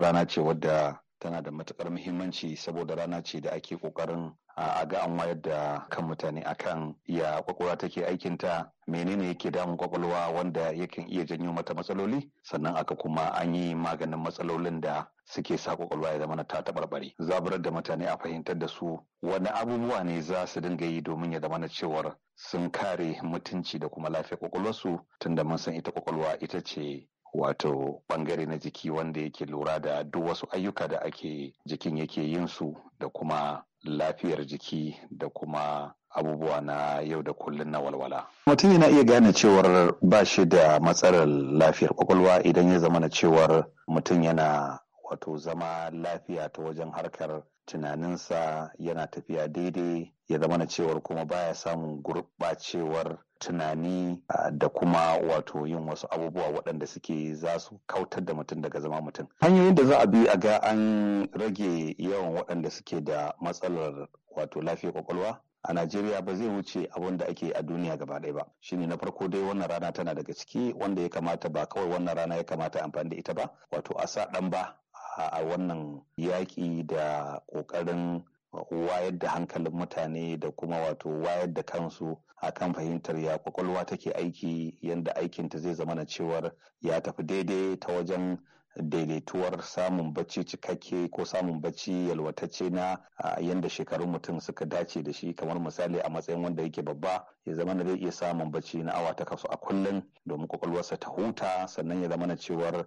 rana ce wadda tana da matukar muhimmanci saboda rana ce da ake kokarin a ga an wayar da kan mutane akan ya kwakwalwa take aikinta menene yake damun kwakwalwa wanda yakan iya janyo mata matsaloli sannan aka kuma an yi maganin matsalolin da suke sa kwakwalwa ya zama ta tabarbare. zaburar da mutane a fahimtar da su wani abubuwa ne za su dinga yi domin ya zama cewar sun kare mutunci da kuma lafiyar kwakwalwarsu tunda mun san ita kwakwalwa ita ce wato bangare na jiki wanda yake lura da duk wasu ayyuka da ake jikin yake yin su da kuma lafiyar jiki da kuma abubuwa na yau da kullum na walwala. Mutum yana iya gane cewar ba shi da matsalar lafiyar kwakwalwa idan ya zama na cewar mutum yana wato zama lafiya ta wajen harkar tunaninsa yana tafiya daidai ya zama na cewar kuma baya samun gurɓacewar tunani da kuma wato yin wasu abubuwa waɗanda suke za su kautar da mutum daga zama mutum hanyoyin da za a bi a ga an rage yawan waɗanda suke da matsalar wato lafiyar kwakwalwa a Najeriya ba zai wuce abin da ake a duniya gaba ɗaya ba Shin na farko dai wannan rana tana daga ciki wanda ya kamata ba kawai wannan rana ya kamata amfani da ita ba wato a sa ɗan ba a wannan yaƙi da ƙoƙarin wayar da hankalin mutane da kuma wato wayar da kansu a kan fahimtar ya kwakwalwa take aiki yadda aikinta zai zama na cewar ya tafi daidai ta wajen daidaituwar samun bacci cikakke ko samun bacci yalwatacce na yadda shekarun mutum suka dace da shi kamar misali a matsayin wanda yake babba ya zama na zai iya samun bacci na awa takwas a kullum domin kwakwalwarsa ta huta sannan ya zama na cewar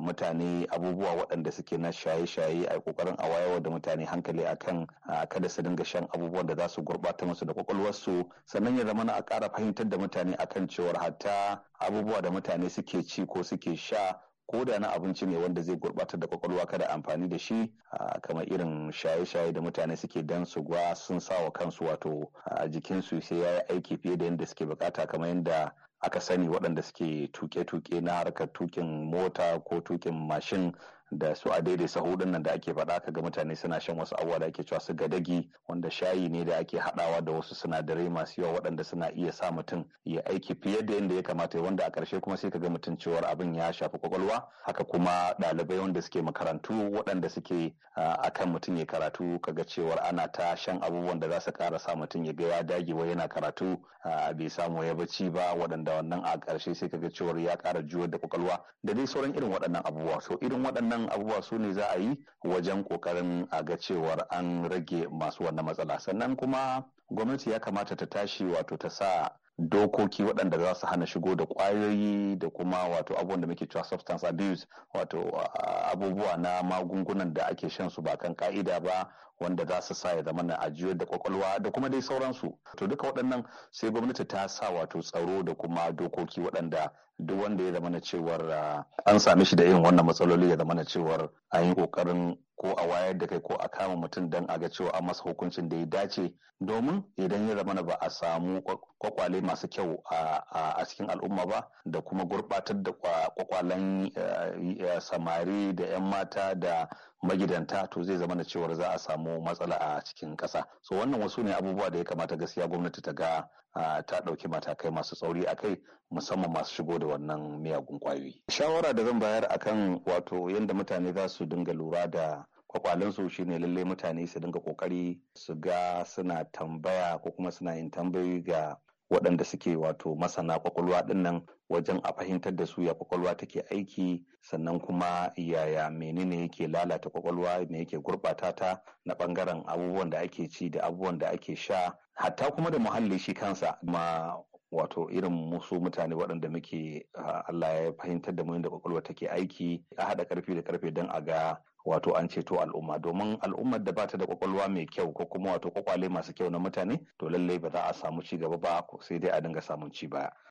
mutane abubuwa waɗanda suke na shaye-shaye a kokarin a wayarwa da mutane hankali akan kada su dinga shan abubuwan da za su gurɓata musu da kwakwalwarsu sannan ya zama na a ƙara fahimtar da mutane akan cewar hatta abubuwa da mutane suke ci ko suke sha ko da na abinci ne wanda zai gurbatar da kwakwalwa kada amfani da shi kamar irin shaye-shaye da mutane suke dan su gwa sun sawa kansu wato jikinsu sai ya yi aiki fiye da yadda suke bukata kamar yadda aka sani waɗanda suke tuke-tuke na harkar tukin mota ko tukin mashin da su a daidai sahudun nan da ake faɗa ka ga mutane suna shan wasu abubuwa da ake cewa su gadagi wanda shayi ne da ake haɗawa da wasu sinadarai masu yawa waɗanda suna iya sa mutum ya aiki fiye da yadda ya kamata wanda a ƙarshe kuma sai ka ga mutum cewar abin ya shafi kwakwalwa haka kuma ɗalibai wanda suke makarantu waɗanda suke akan mutum ya karatu kaga cewar ana ta shan abubuwan da za su ƙara sa mutum ya ga ya dagewa yana karatu bai samu ya bacci ba waɗanda da wannan a ƙarshe sai kaga cewar ya ƙara juyar da kwakwalwa da dai sauran irin waɗannan abubuwa so irin waɗannan abubuwa su ne za a yi wajen ƙoƙarin a ga cewar an rage masu wannan matsala sannan kuma gwamnati ya kamata ta tashi wato ta sa dokoki waɗanda za su hana shigo da ƙwayoyi da kuma wato abubuwan da muke cewa substance abuse wato ah, abubuwa na magungunan da ake shan su ba kan ka'ida ba wanda za su sa ya zama na ajiyar da kwakwalwa da kuma dai sauransu to duka waɗannan sai gwamnati ta sa wato tsaro da kuma dokoki waɗanda duk wanda ya zama na cewar ah, an same shi da irin wannan matsaloli ya zama na cewar an yi ƙoƙarin ko a wayar da kai ko a kama mutum don a ga cewa an masa hukuncin da ya dace domin idan ya zamana ba a samu kwakwale masu kyau a cikin al'umma ba da kuma gurbatar da kwakwalen eh, eh, samari da 'yan mata da magidanta to zai zama da cewar za a samu matsala a cikin ƙasa so wannan wasu ne abubuwa da ya kamata gaskiya gwamnati ta ga ta ɗauki matakai masu tsauri a kai musamman masu shigo da wannan miyagun kwayoyi shawara da zan bayar akan wato yadda mutane za su dinga lura da shi ne lallai mutane su dinga kokari su ga suna tambaya ko kuma suna yin tambayoyi ga waɗanda suke wato masana kwakwalwa dinnan wajen a fahimtar da su ya kwakwalwa take aiki sannan kuma yaya menene yake lalata kwakwalwa me yake gurɓata ta na bangaren abubuwan da ake ci da abubuwan da ake sha hatta kuma da muhalli shi kansa ma wato irin musu mutane waɗanda muke Allah ya fahimtar da mu da kwakwalwa take aiki a haɗa ƙarfi da ƙarfe don a ga wato an ceto al'umma domin al'ummar da bata da kwakwalwa mai kyau ko kuma wato kwakwale masu kyau na mutane to lallai ba za a samu ci gaba ba sai dai a dinga samun ci baya